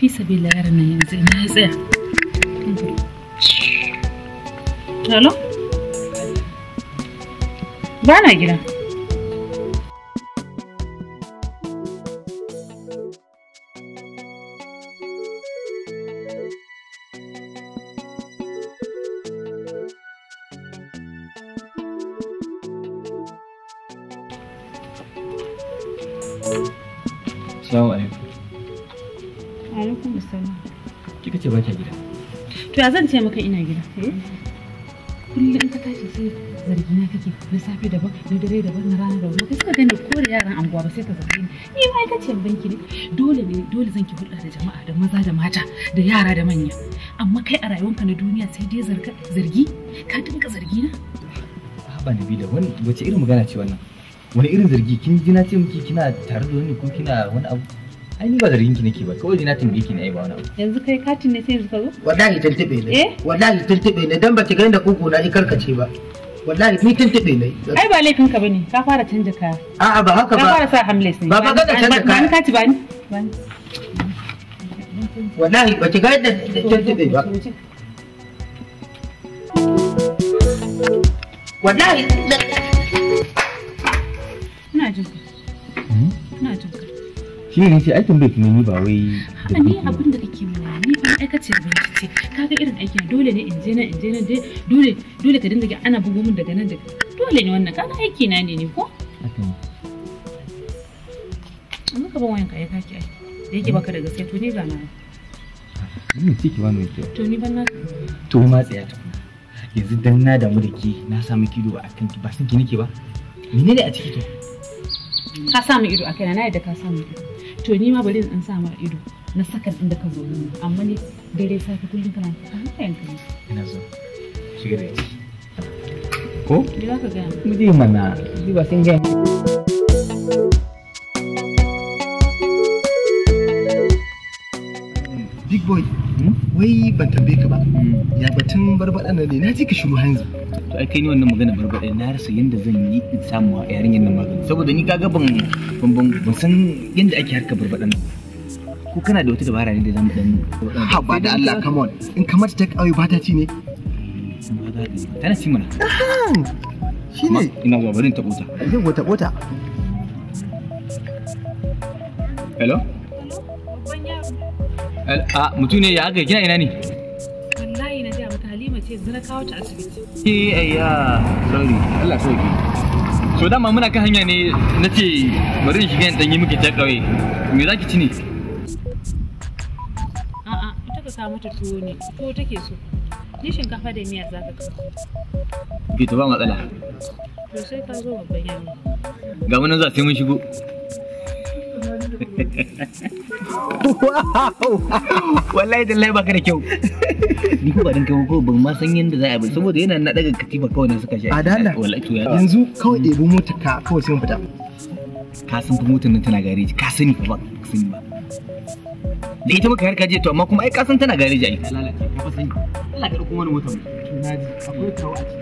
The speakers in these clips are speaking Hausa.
fi sabila yaran na yanzu na ya tsaya Hello? Ba na gida. To ya zan ce maka ina gida? Eh. Kullum ka tashi sai zargi na kake na safe daban na dare daban na rana daban kai suka gani ko da yaran anguwa ba sai ka zargi ni ni ma'aikaciyar banki ne dole ne dole zan ki hulɗa da jama'a da maza da mata da yara da manya amma kai a rayuwanka na duniya sai dai zarga zargi ka dinka zargi na haba da da wani wace irin magana ce wannan wani irin zargi kin ji na ce miki kina tare da wani ko kina wani abu ai ni ba da rinki nake ba kawai na tin biki ne ai ba wani yanzu kai katin ne sai yanzu ka zo wallahi tuntube ne eh wallahi tuntube ne dan ba ki ganin da kugu na ikarkace ba wallahi ni tuntube ne ai ba laifin ka bane ka fara canja kaya a'a ba haka ba ka fara sa hamless ne ba ba ga canja kaya ba ni kati ba ni wallahi ba ki ga yadda tuntube ba wallahi ina jin hmm? ina jin shi ne ce aikin bai tunani ba wai a ni abin da kake mana ni ba aikacin bincike kaga irin aikin dole ne in je na in je na dole dole ka dinga ana bugo min daga nan daga dole ne wannan kaga aiki na ne ne ko an ka ban wayan ka ya kaki ai da yake baka da gaskiya to ni ba na ni ce ki ba mu to ni ban na to ma tsaya tukuna yanzu dan na damu da ke na sa miki a kan ba sun ki nake ba menene a ciki to ka sa mu ido a kaina na yadda ka sa mu ido to ni ma bari in sa ma ido na sakan inda ka zo mun amma ni dare safe kullun kana ta hankayen ka ina zo shiga da ci ko ni za ka ga mu ji mana ji ba sun ga Big boy, hmm? wai ban tambaye ka ba, hmm. ya batun barbaɗa nan ne na ji ka shiru hanzu. kai ni wannan magana barbaɗe na rasa yadda zan yi in samu a yarinyar nan magana saboda ni kaga ban ban san yadda ake harka barbaɗen nan ko kana da wata dabara ne da zamu dan ha ba da Allah come on in kamar ta kawai ba ta ci ne tana ci mana shi ne ina ba barin ta kota zan wata bota hello a mutum ne ya ga kina ina ne yanzu na So dama muna kan hanya ne na ce bari in shiga in ɗanyi miki ta Me za ki ci ne? A'a ita ka samu ta tuwo ne take so. Ni shinkafa da miya za ka kawo. Ki ta ba matsala. To sai ka zo babban Ga za sai mun shigo. wallahi da lai da kyau ni ko dan kawo ko ban ma san yanda za a bi saboda yana na daga katifa kawai nan suka sha a dala yanzu kawai ɗebi mota kawai sai mu fita ka san fa motar nan tana gareji ka sani fa ba ka sani ba da ita muka harka je to amma kuma ai ka san tana gari ai lalace ka fa sani Allah ka na ji akwai a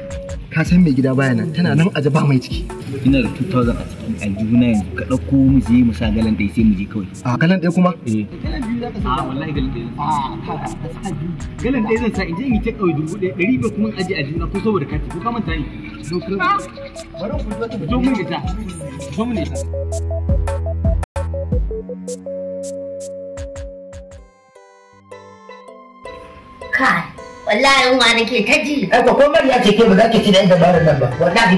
ka san mai gida baya nan tana nan aje ba mai ciki ina da 2000 a cikin aljihuna yanzu ka dauko mu je mu sa galan ɗaya sai mu je kawai a galan ɗaya kuma eh galan biyu za ka sa wallahi galan ɗaya galan ɗaya zan sa in je in yi ta kawai dubu ɗaya ɗari ba kuma a aljihuna ko saboda kati ko ka manta ni ah. zo mun ita zo mun ta kai wallahi yunwa nake ke taji? ai ko kuma ya ce ke ba za ki ci da inda barin nan ba wallahi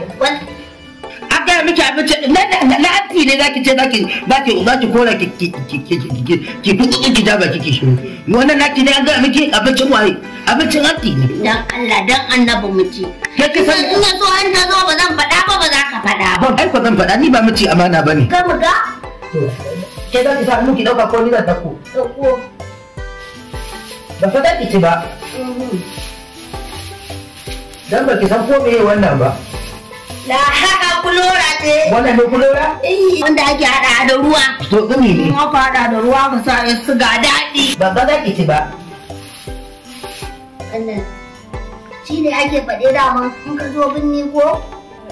aka miki abinci na na afi ne ce zaki zaki zaki ki ki ki ki ki ki ki kike shi wannan naki ne an ga miki abincin waye abincin ne dan Allah dan annabi miki kake san in so an ta zo ba zan faɗa ba ba za ka faɗa ba ai ko zan faɗa ni ba miki amana ne. ka mu ga ke zaki sa mu ki ko ni zan dauko dauko ba fa ci ba Dan ba ki san ko meye wannan ba. La haka kulora ce. Wannan ne kulora? Eh, wanda ake hada da ruwa. To gumi ne. Kuma ka hada da ruwa ka sa su ga daɗi. Ba ba za ki ci ba. Wannan shi ne ake faɗe daman in ka zo binni ko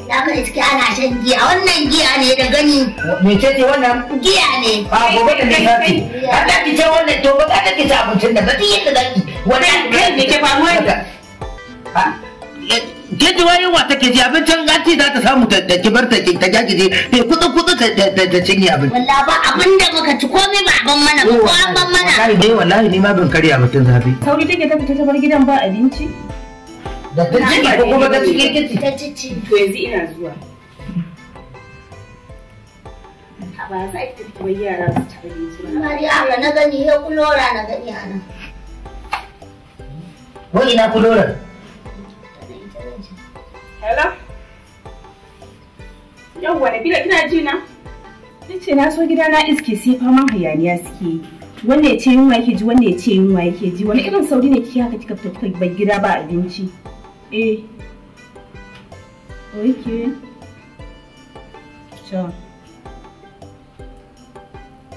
Ya ka iske ana shan giya wannan giya ne da gani. Me ce wannan? Giya ne. A gobe da ne zafi. Ka ta ki ce wannan to ba ka ta ki ta abincin da ba ta yi da zaki. Wannan kai ne ke ba mu haka. ke ji wayin wa take ji abincin gaci za ta samu ta kibar ta ta jajije ta kutsu kutsu ta cinye abin wallahi ba abin da muka ci komai ba ban mana ba ban mana wallahi dai ni ma ban karya mutun zabi sauri take ta fita ta bar gidan ba abinci da ta ciki ko kuma ta cikin kici ta cici to yanzu ina zuwa a ba za a tafi kuma yara su taɓa ne zuwa mari aka na gani he kulora na gani a nan ko ina kulora hello yawwa na bila kina ji na ce na so gida na iske sai faman hayaniya suke wanda ya ce yunwa yake ji wanda ya ce yunwa yake ji wani irin sauri ne kike haka kika fita kika bar gida ba abinci E, Eh. Ok. To.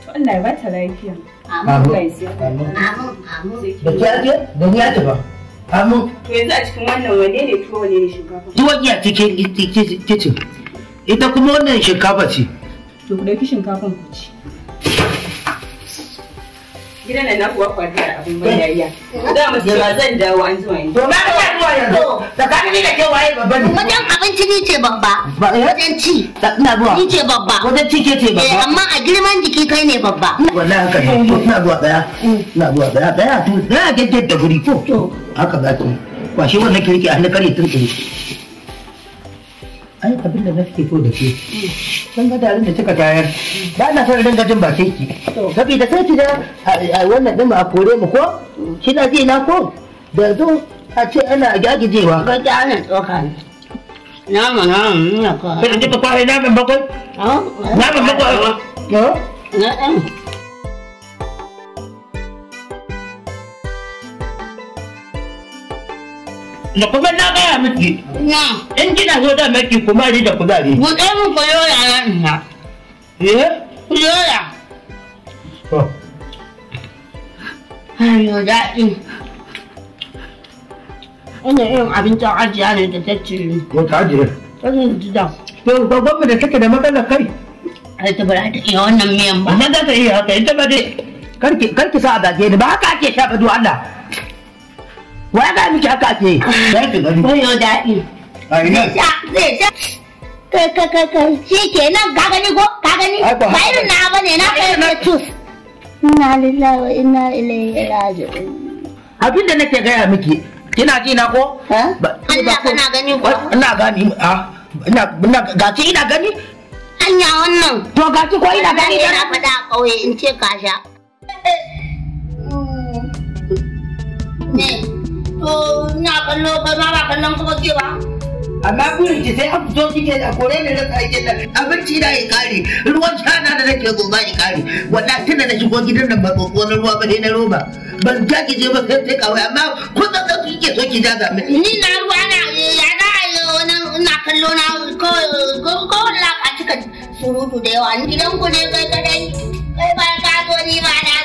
To Allah ya bata lafiya. Amu. Amin. Amin. Da ki ake? Da ni ake ba. Amu. To yanzu a cikin wannan wanne ne tuwo ne shinkafa? Tuwo iya cikin kicin. Ita kuma wannan shinkafa ce. To ku dauki shinkafan ku ci. gidan nan na kuwa kwarta da abin ban dariya da mu ba zan dawo an zuwa yanzu to ba ka zuwa yanzu tsakanin ni da ke waye babban wajen abinci ni ce babba wajen ci ina zuwa ni ce babba wajen ci ke ce babba amma a girman jiki kai ne babba wallahi haka ne ina zuwa daya ina zuwa daya daya to daya gaggada guri ko haka zaki kwashe wannan kirki a hannun kare tuntuni ai abin da nake so da ke san ga darin da kika tayar ba na son dinga jin bakin ki da sai ki ga wannan din a kore mu ko kina ji na ko da yanzu a ce ana gagijewa ga kyanin tsoka ne nama nama nuna ko sai in ji ka kware naman bakwai naman bakwai na ɗan Na kuma na gaya miki. Na. In kina so da miki kuma ni da kuzari. Mu kai mu koyo eh? yara ina. Eh? Koyo ya. To. Ayo daɗi. yin irin abincin ajiya ne da ta ci. Ko ta ajiye? Wannan jida. To babban mu da take da matsalar kai. Ai ta bara ta iya wannan miyan ba. Amma za ta iya haka ita ba dai. Karki karki sa a dage ni ba haka ake shafa ba Allah. wa ga miki haka ke sai ki gani koyo daɗi ai nan zai sha kai kai kai kai shi ke nan ka gani ko ka gani ba irin na ba ne na kai ne tus inna lillahi wa inna ilaihi raji'un abin da nake gaya miki kina na ko Allah kana gani ko ina gani a ah, ina ina gaci ina gani anya wannan to gaci ko ina gani ina faɗa a ƙauye in ce ka sha eh, eh. ko ina kallo ma ba kallon kuma ke ba amma ki sai kike a kore ne da aikin abinci na ya kare ruwan shana da nake goba ya kare wallahi tunda na shigo gidan nan ba kokon ruwa ba dai na roba ban ja ki je ba sai kawai amma kike so ki ja ga ni na ruwa na ya na ina kallo na ko ko la a cikin surutu da yawa ni gidan ku ne kai kadai kai ba ka zo ni ba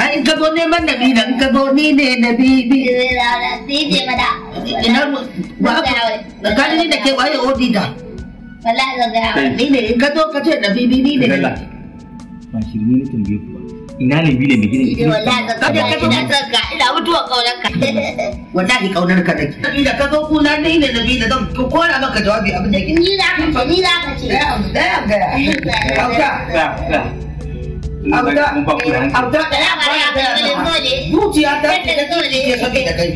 ai in ka zo neman nabi in ka zo ni ne nabi bi ni mada ina ba ka ni da ke waye odi da wallahi zaga ni ne in ka nabi bi ni ne ba shirme ne tambaye ku ina ne bi ne mai gidan ita wallahi zaga ka ka ina zaka ina mutuwa kaunar ka wallahi kaunar ka nake ni da ka ku na ni ne nabi da zan ko kora maka jawabi abin da ni za ka ni za ka ce da da ga ga ga abda abda da ya ba ya ta zuciya ta ta ta ke sake da kai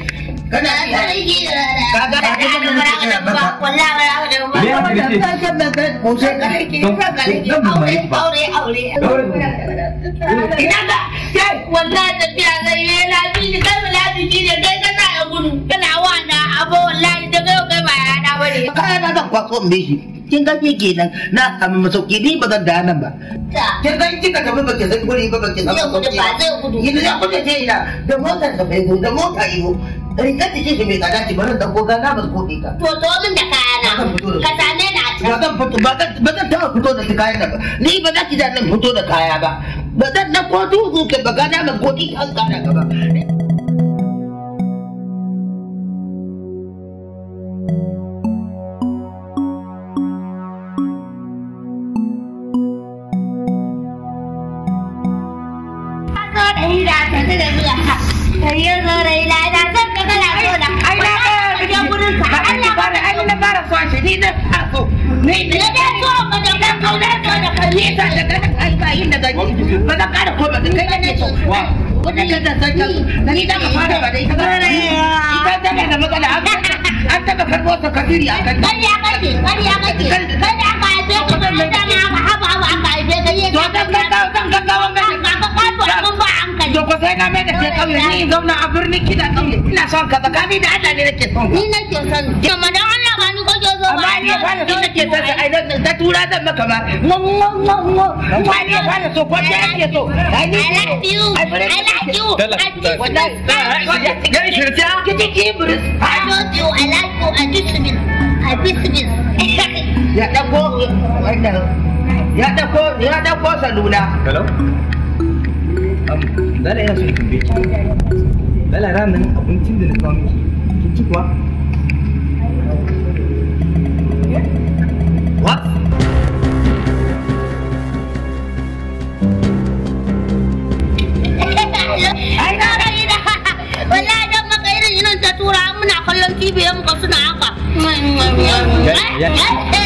kana da ka a da ka ga da ba wallahi ba da ba da ka ga da kai ko sai ka ke ka ga aure aure aure ina ga kai wallahi tafiya zai yi lafiya kai lafiya ne kai kana gudu kana wanda abu wallahi bari kaya na zan kwaso in bishi kin ga shi kenan na samu masauki ni ba zan da nan ba kin ga kika tafi ba ki san guri ba ba ki san gudu ba zai gudu yin ya kuka ce ina da motar ka bai da mota iyo rikar jikin shi mai tsada ki bari dan goga na ba gobe ka to to min da kaya na ka same na ba zan fito ba zan ba zan taɓa fito da ba ni ba za ki da nan fito da kaya ba ba zan na ko tuzu ke ba gana ma godi an ka gaba ɗari da ashirin da zuwa kariyar saurayi na ina son ka kana so da ai na ga gidan gurin ka ba Allah ba da ai na fara so shi ni na sa so ni da na so ba da ka so da so da ka ni sa da ka ai ba yin da gaji ba za ka da ko ba kai ne so wa wannan ka da san ka ni da ka fara ba dai ka ba ita da da magana a kan kariya to ko sai na mai da ke kauye ni in zauna a birnin kina kauye ina son ka da Allah ne nake son ni nake son ki amma dan Allah ba ni zo ni ni nake son ai da tura zan maka ba ba ni ba ni so ko da so ai ni I like you I like you wallahi ya shirja kike ki buris I love you I like you I kiss you ya dako ya dako ya hello Dala yana son tambaye dala Bala ramin abincin da na miki. ci kuwa? What? Wallahi dan irin irin ta tura muna kallon TV yan suna haka. Eh, eh, eh.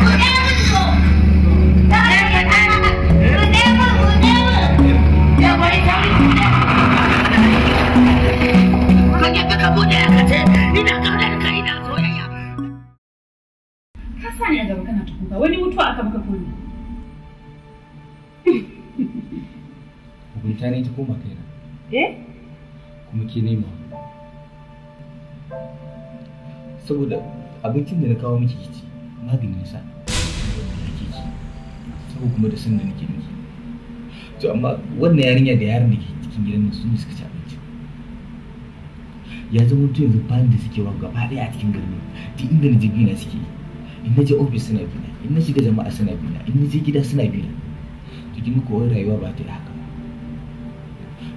ba wani mutuwa aka maka ko ne hukunta ne ta koma kaina eh kuma ke nema saboda abincin da na kawo miki kici magani ne sa ko kuma da sun da nake miki to amma wannan yarinya da yaron da ke cikin gidan nan su ne suka ci abinci ya zama to yanzu bayan da suke wa gaba ɗaya a cikin garin duk inda na jirgin na suke in na je ofis suna gina. in na shiga jama'a suna bina in na je gida suna bina to muku ko rayuwa ba ta yi haka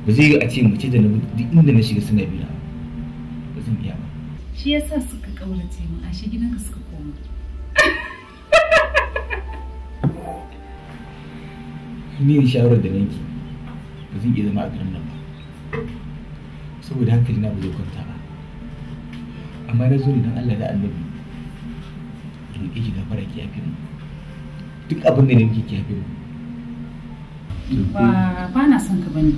ba zai yi a ce mace da duk inda na shiga suna bina ba zan iya ba shi yasa suka kaurace mu a shi gidanka suka koma ni ne shawarar da nanki ba zan iya zama a garin nan ba saboda hankali na ba zai kwanta ba amma na zo ne don Allah da annabi roƙe ki gafara ki yafe mu duk abin da nake ki yafe mu ba ba na son ka bane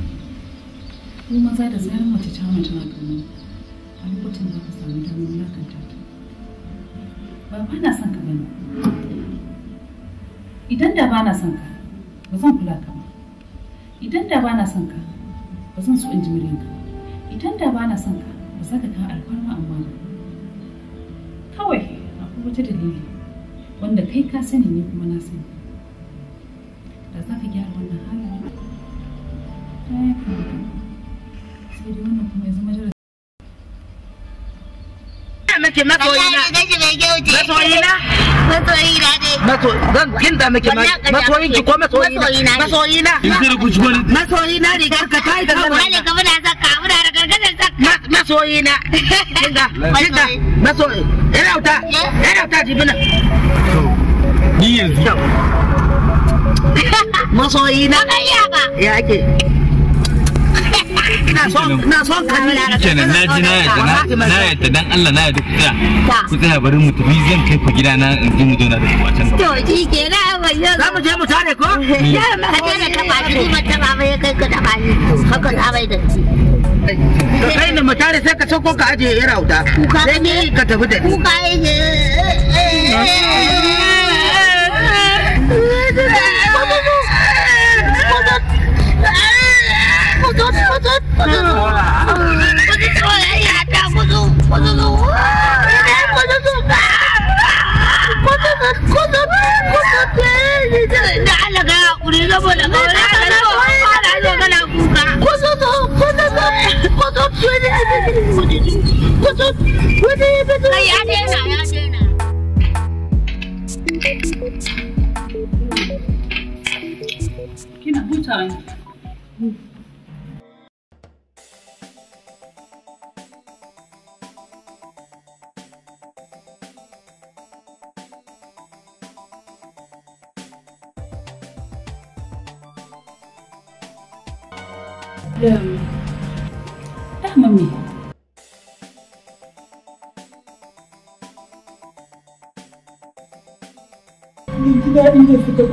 ko maza da zarar mace ta mace na kan a lokacin da ka samu damar wulakanta ta ba ba na son ka bane idan da ba na son ka ba zan kula ka ba idan da ba na son ka ba zan so in ji ka. idan da ba na son ka ba za ka kan alfarma amma kawai akwai wata dalili wanda kai ka sani ne kuma na sani da za ka gyara wannan halin ta yi kuma sai dai wannan kuma ya zama darasi masoyina masoyina masoyina zan kinta ko masoyina masoyina masoyina masoyina rigar ka masoyi na masoyi yana wuta yana wuta jibina ni yanzu masoyi na ya ake na son ka ne na ji na yadda na yadda dan Allah na yadda mu tafi zan kai gida na in ji mu da wayo za mu je mu tare ko ya ma ka da ta ba ji mata ba mai kai ka da ba ni haka bai da ci to kai da mutare sai ka sauko ka ajiye ya rauta sai ne ka tafi da kuka yake Da alaga hakuri saboda kawai Kotot suede edin bu dedim. Kotot suede edin. Hayır Adena, Adena. Kina Yeah.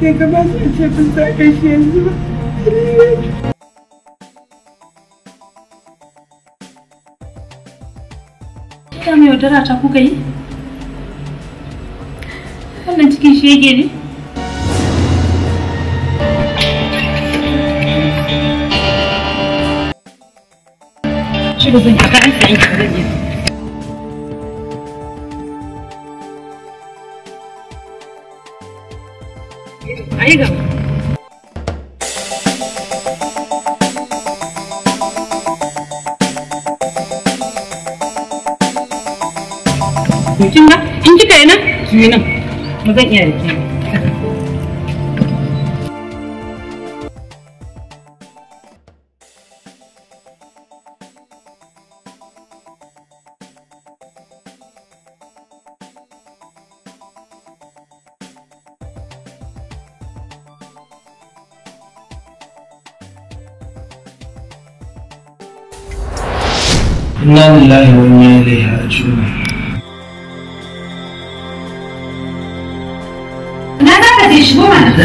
ya gabata a ce kun sa shi yanzu ba Ita mai yaudara ta kuka yi? Wannan cikin shege ne? Shiga zan yi kayan sayin zan yi. रहेगा kin ga in kika yi nan ki nan ba zan iya rike Ina inna lillahi wani inna ilaihi raji'un na za ka je shigo mana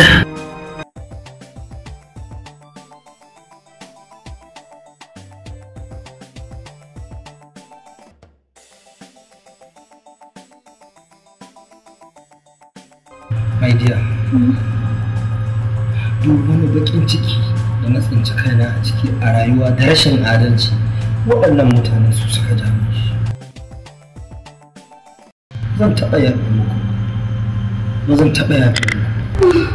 my dear hmm. duk wani bakin ciki da na tsinci kaina a ciki a rayuwa da rashin adalci waɗannan mutane su suka dame shi zan taɓa yaɗa muku ba zan taɓa yaɗa muku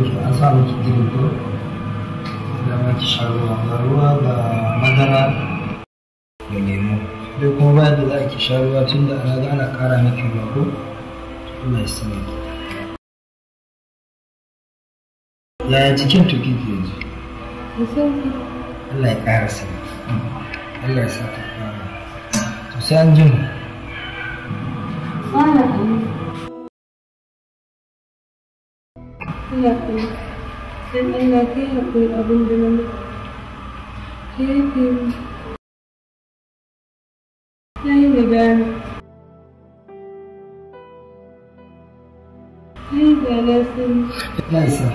da su an sa musu girgo da mata sharuwa da ruwa da madara da lemu kuma bayan da za a ki sharuwa tun da ana kara miki ruwa ko ya sani yaya cikin tuki ke ji Allah ya kara sani Allah ya sa ta kara to sai an ya haƙuri don Allah ka yi haƙuri abin da na muku ka yafe mu Ta yi nadama Ta yi da na sani ya isa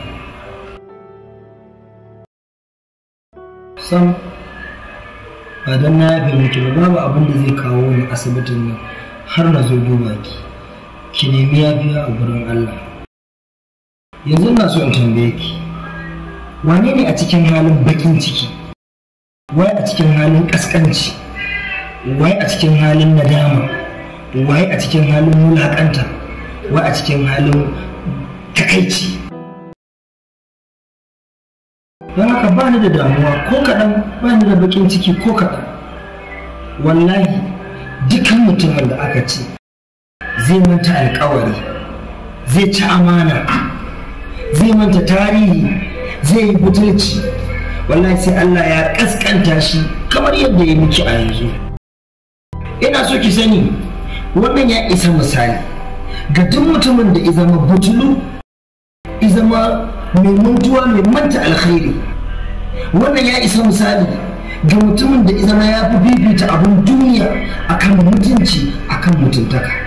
sam ba don na yafe miki ba babu abin da zai kawo ni asibitin nan har na zo duba ki ki nemi yafiya a gurin Allah yanzu ina so in tambaye ki wane ne a cikin halin bakin ciki wai a cikin halin kaskanci wai a cikin halin nadama wai a cikin halin wulaƙanta wai a cikin halin takaici don haka ba ni da damuwa ko kaɗan ba ni da bakin ciki ko kaɗan wallahi dukkan mutumin da aka ce zai manta alkawari zai ci amana zai manta tarihi zai yi butulci wallahi sai Allah ya kaskanta shi kamar yadda ya miki a yanzu ina so ki sani wannan ya isa misali ga duk mutumin da izama butulu izama mai mantuwa mai manta alkhairi wannan ya isa misali ga mutumin da izama ya fi bibita abin duniya akan mutunci akan mutuntaka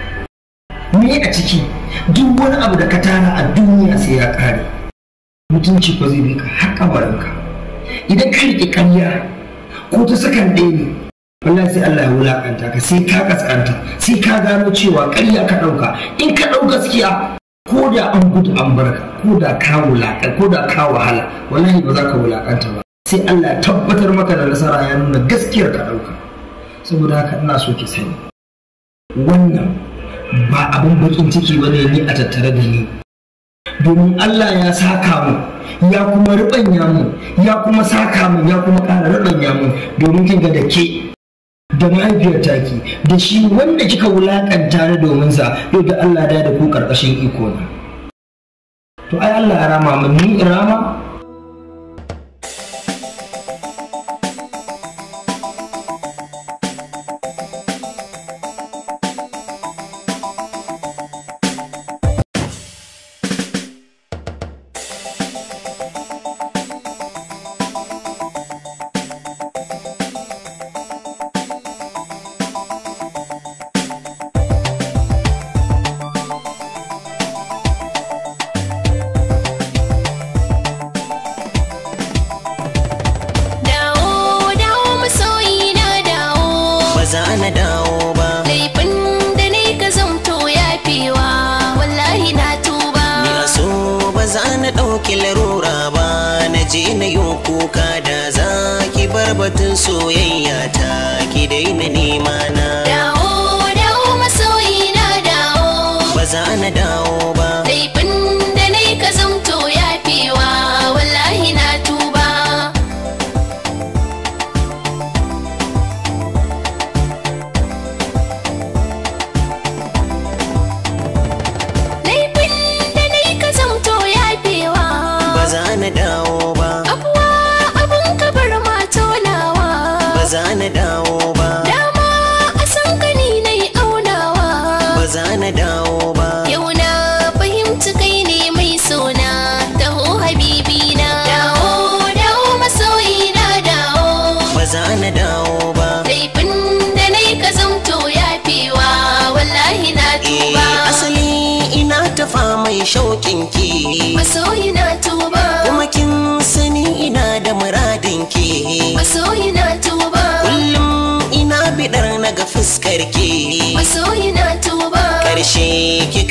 ni a ciki duk wani abu da ka tara a duniya sai ya kare mutunci ko zai bika har kabarinka idan ka riƙe ƙarya ko ta sakan ɗaya ne wallahi sai Allah ya wulakanta ka sai ka kaskanta sai ka gano cewa ƙarya ka ɗauka in ka ɗau gaskiya ko da an gudu an barka ko da ka wulaƙa ko da ka wahala wallahi ba za ka wulaƙanta ba sai Allah ya tabbatar maka da nasara ya nuna gaskiyar ka ɗauka saboda haka ina so ki sani wannan ba abin bakin ciki ne ni a tattare da ni domin Allah ya saka mu ya kuma rubanya mu ya kuma saka mu ya kuma ƙara rubanya mu domin kin ga da ke da mahaifiyar taki da shi wanda kika wulaƙanta da domin sa yau da Allah ya da ku karkashin iko na to ai Allah ya rama mu ni rama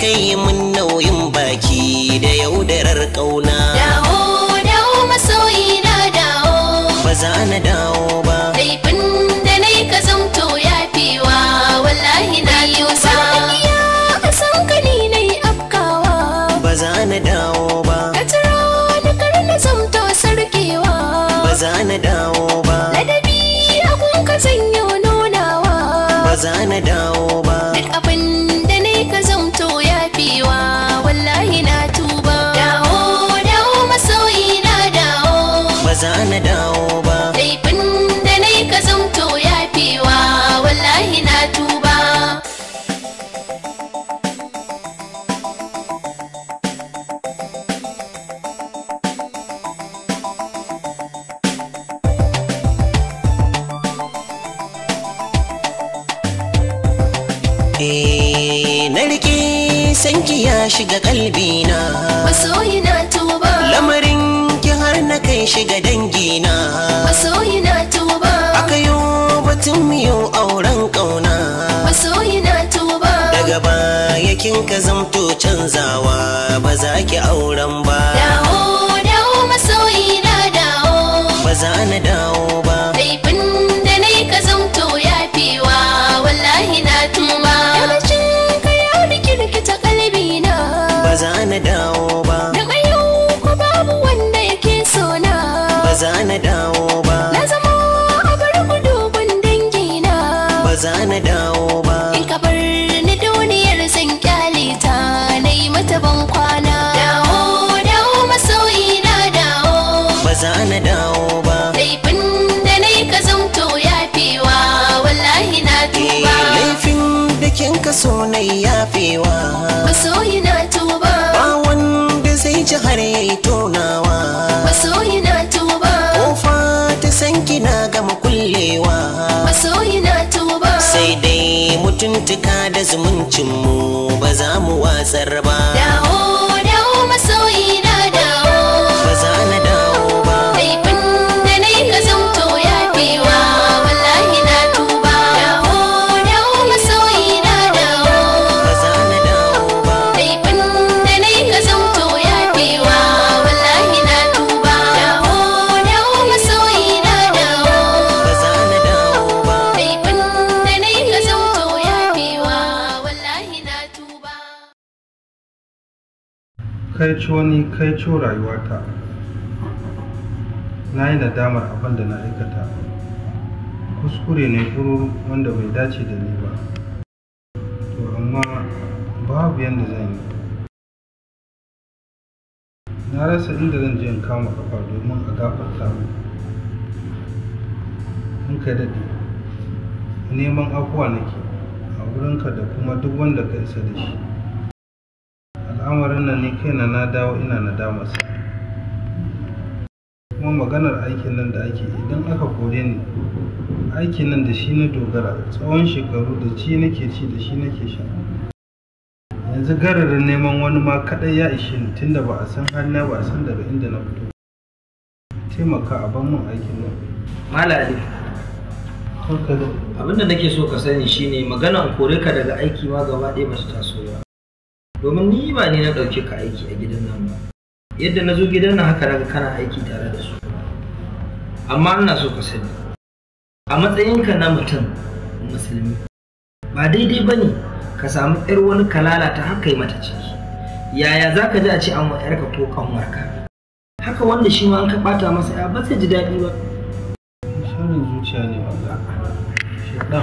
yi mun nauyin baki da yaudarar ƙauna shiga kalbina na tuba lamarin ki har na kai shiga dangina na tuba aka yi batun miyo auren kauna masoyina tuba daga baya kin ka zamto canzawa ba za ki auren ba dawo dawo masoyina dawo ba za na na dawo ba na zama a bar gudu gun dangi na ba za na dawo ba in ka bar ni duniyar san kyale ta na yi mata ban kwana dawo dawo masoyi na dawo ba za na dawo ba laifin da na yi ka zanto ya fiwa wallahi na tuba eh, laifin da kin ka so na yi ya fiwa masoyi na tuba ba wanda zai ji har ya yi tona zumuncin mu ba za mu watsar ba kai ni wani kai co rayuwata na yi nadamar abin da na aikata kuskure ne kuro wanda bai dace da ni ba to amma babu yadda zan yi na rasa inda zan je in kama kafa domin a gafarta in ka daɗe neman afuwa nake a wurinka da kuma duk wanda ka isa da shi al'amarin nan ne kaina na dawo ina dama su kuma maganar aikin nan da ake idan aka kore ni aikin nan da shi na dogara tsawon shekaru da ci nake ci da shi nake sha yanzu gararin neman wani ma kadai ya ishe ni tunda ba a san hannu ba a san daga inda na fito taimaka a ban mun aikin nan malali abinda nake so ka sani shine maganan kore ka daga aiki ma gaba ɗaya ba su taso domin ni ba ne na ɗauke ka aiki a gidan nan ba yadda na zo gidan nan haka naga kana aiki tare da su amma ina so ka sani a matsayinka na mutum musulmi ba daidai ba ne ka samu yar wani kalala ta haka yi mata ciki yaya za ka ji a ce an wa yarka ko kanwarka haka wanda shi ma an ka ɓata masa ya ba zai ji daɗi ba shirin zuciya ne ba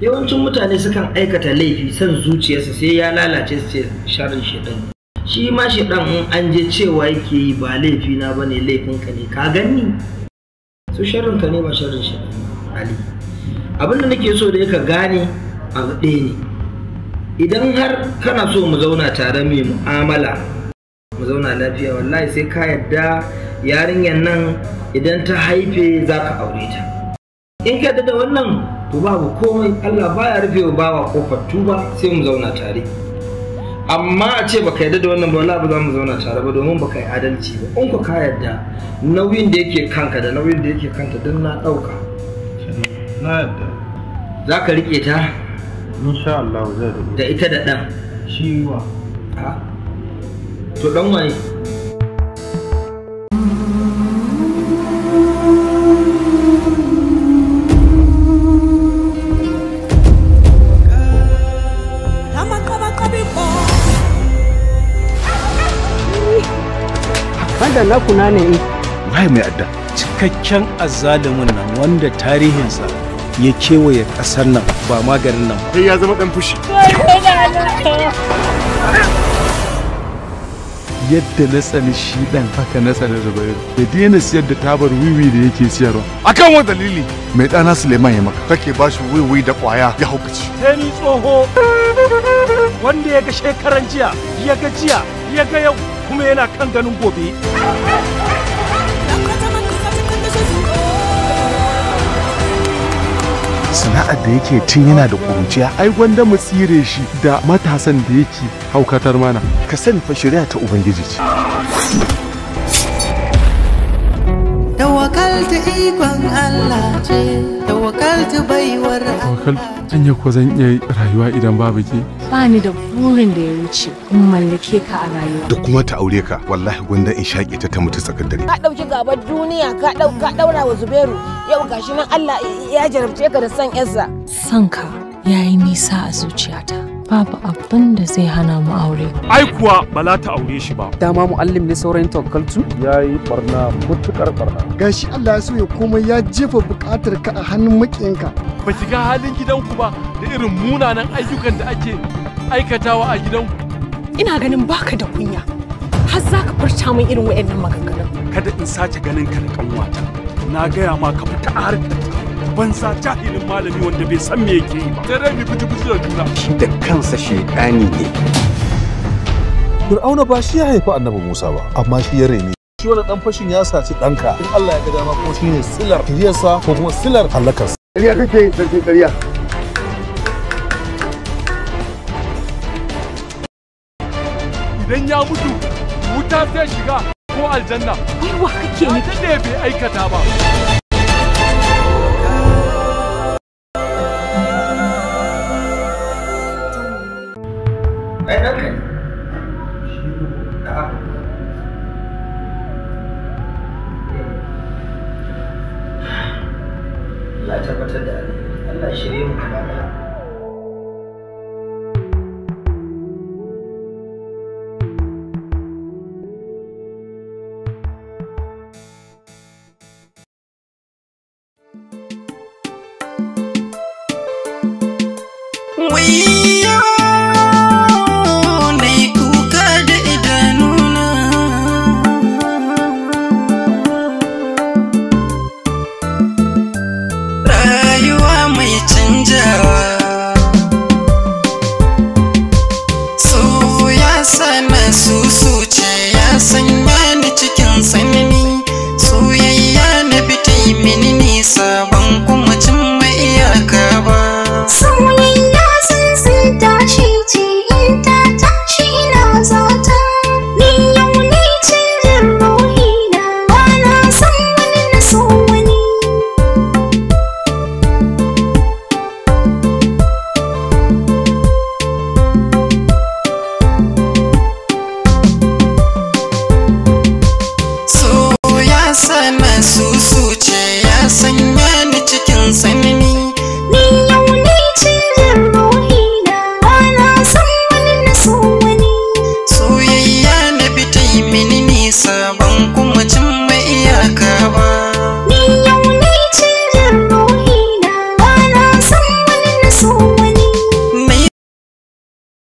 yawancin mutane sukan aikata laifi son zuciyarsa sai ya lalace su sharin shaidan shi ma shaidan in an je cewa yake yi ba laifi na ne laifinka ne ka gani su sharrin ka ne ba sharrin shaidan ali abin da nake so da ka gane abu ɗaya ne idan har kana so mu zauna tare mai mu'amala mu zauna lafiya wallahi sai ka yarda yarinyar nan idan ta haife za ka aure ta in ka da wannan to babu komai Allah baya rufe wa bawa kofar tuba sai mu zauna tare amma a ce baka yarda da wannan ba wallahi ba za mu zauna tare ba domin baka yi adalci ba in ku ka yarda nauyin da yake kanka da nauyin da yake kanta don na dauka na yarda za ka rike ta insha Allah zai da ita da dan shi wa to dan waye da na kuna ne wai mai adda cikakken azzalumin nan wanda tarihinsa ya kewaye kasar nan ba maganin nan ba ya zama ɗan fushi yadda na tsani shi ɗan haka na tsani zubairu da daina siyar da tabar wiwi da yake siyarwa akan wani dalili mai ɗana suleiman ya maka kake ba shi wiwi da ƙwaya ya haukaci sai ni tsoho wanda ya ga shekaran jiya ya ga jiya ya ga yau kuma yana kan ganin gobe sana'ar da yake tun yana da kuruciya ai gwanda mu tsire shi da matasan da yake haukatar mana ka sani fa shari'a ta ubangiji ce ta ikon Allah ce tawakkaltu baiwar tawakkal anya ko zan iya rayuwa idan babu ke ba ni da burin da ya wuce in mallake ka a rayuwa da kuma ta aure ka wallahi gwanda in shaƙe ta ta mutu tsakar dare ka dauki gaban duniya ka dau ka daura wa Zubairu yau gashi nan Allah ya jarabce ka da san yarsa san ka yayi nisa a zuciyata babu abin da zai hana mu aure. Ai kuwa ba za ta aure shi ba. Dama mu'allim ne saurayin tokaltu? Ya yi barna mutukar barna. Gashi Allah ya so ya komai ya jefa bukatar ka a hannun maƙiyanka. Ba ki ga halin gidanku ba da irin munanan ayyukan da ake aikatawa a gidanku. Ina ganin baka da kunya. Har za ka furta min irin wa'annan maganganun. Kada in sace ganin ka da kanwata Na gaya ma ka fita a banza jahilin malami wanda bai san me yake yi ba Tare dai mu fiti fiti da juna shi da kansa shedani ne Fir'auna ba shi ya haifi annabi Musa ba amma shi ya rene shi wannan dan fashin ya saci danka in Allah ya ga dama ko shine silar kiriyarsa ko kuma silar halakarsa kariya kake sarki kariya idan ya mutu wuta zai shiga ko aljanna. Wai kake ne? Wata ne bai aikata ba.